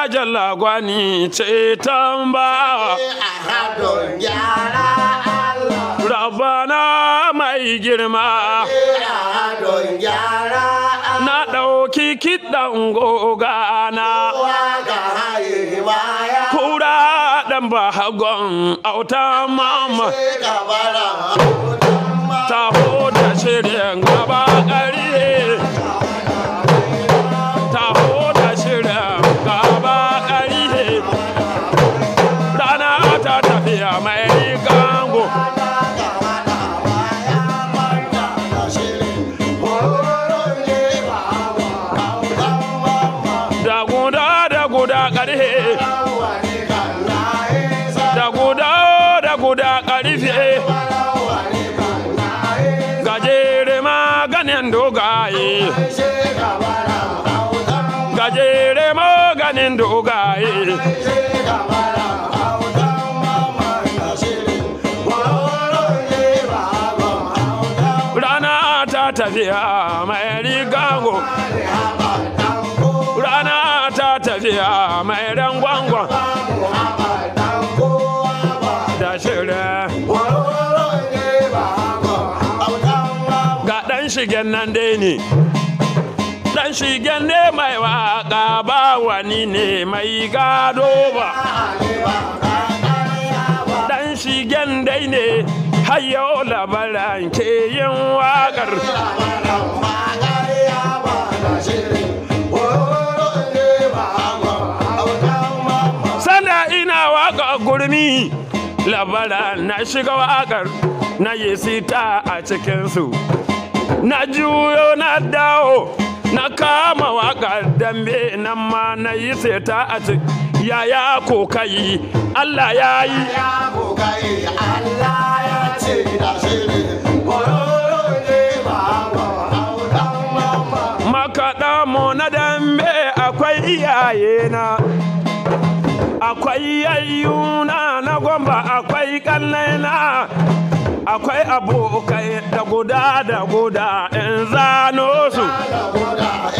ya jalla gwani ceton rabana mai girma na ɗauki kiɗan gogana kura ɗan bahagon auta mama ta hoda shirin gaba ƙari da ƙarfe gajere maganin dogaye gajere maganin dogaye rana ta tafiya mai rigango rana ta tafiya mai rangwangwa. shigen nan dai ne dan shigen ne mai waka ba wani ne mai gado ba dan shigen dai ne hayo labaran ke yin wakar sana ina waka gurmi labara na shiga wakar na yi sita a cikinsu na juyo na dawo na kama wakar dambe nan ma na yi seta a ciki yaya kokayi Allah ya yi ya Allah ya ne mu na dambe akwai na. akwai yayyuna na gwamba akwai kallaina akwai abokai da guda da guda in zano su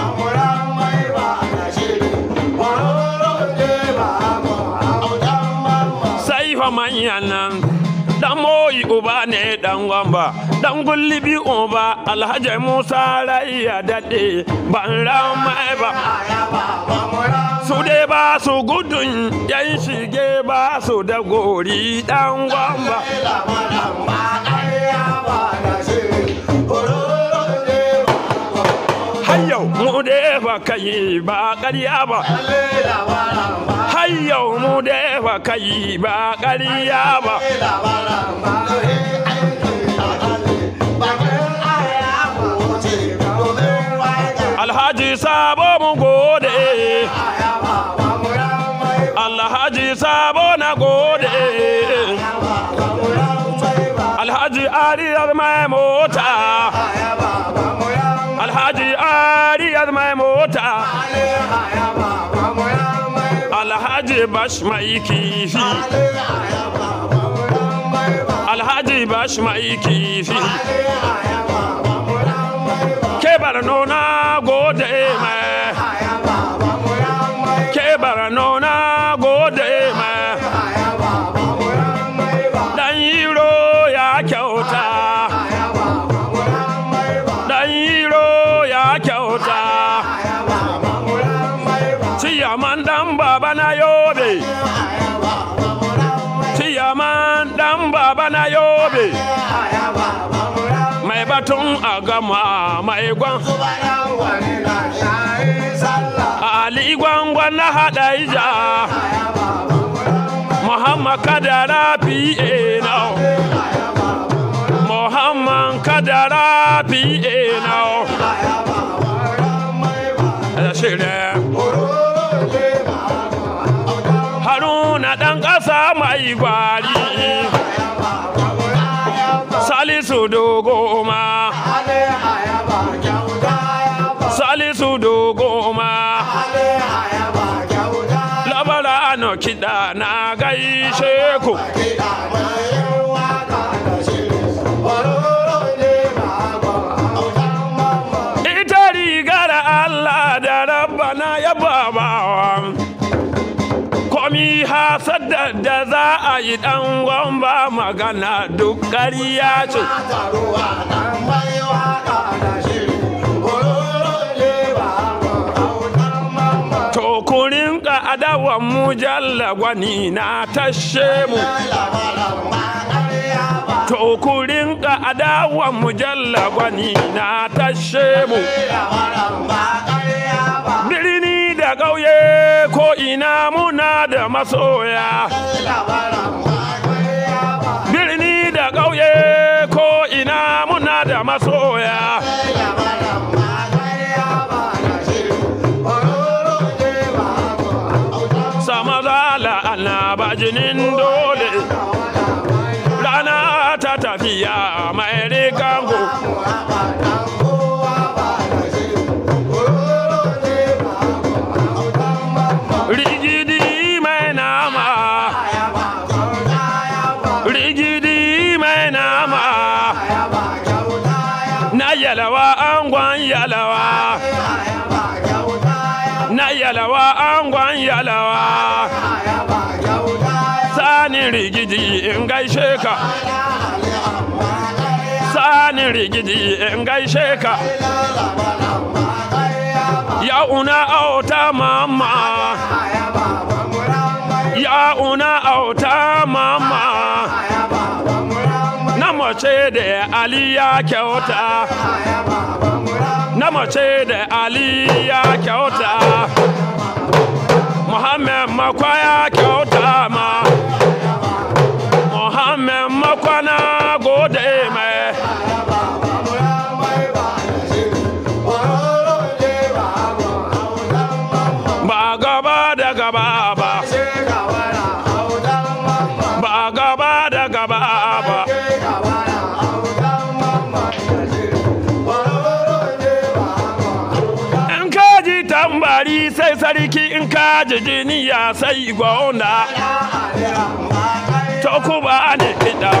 fa manyan nan dan moyi uba ne dan gwamba dan gullibi uba alhaji musa raiya daɗe ban ramai ba su dai ba su gudun yan shige ba su da gori dan gwamba kai ba ƙarya ba har mu da ba kai ba ƙarya ba alhaji sabo mu gode alhaji sabo na gode alhaji ariyar maimo bashi mai kifi alhaji bashi mai kifi ke tun a gama mai gwan ali gwangwan na haɗa ija muhammad kadara fiye na muhammad kadara fiye na haruna ɗan ƙasa mai gwari mako ita rigar Allah da rabbana ya babawa komi hasadar da za a yi ɗan gwamba magana duk ƙarya ce Wan mu jalla gwani na tashe mu to ku rinka adawan mu jalla gwani na tashe mu birni da ƙauye ko ina muna da masoya a jinin dole rana ta tafiya mai rikango yalawa angwan yalawa na yalawa angwan yalawa sani rigidi in gaishe ka sani rigidi in gaishe ka ya una auta mama ya una auta mama na mace da ali ya kyauta na mace da ali ya kyauta Muhammad makwaya kyauta ma gaba ba ba gaba da gaba ba in kaji tambari sai sarki in kaji jiniya sai gwanda ta kuma ne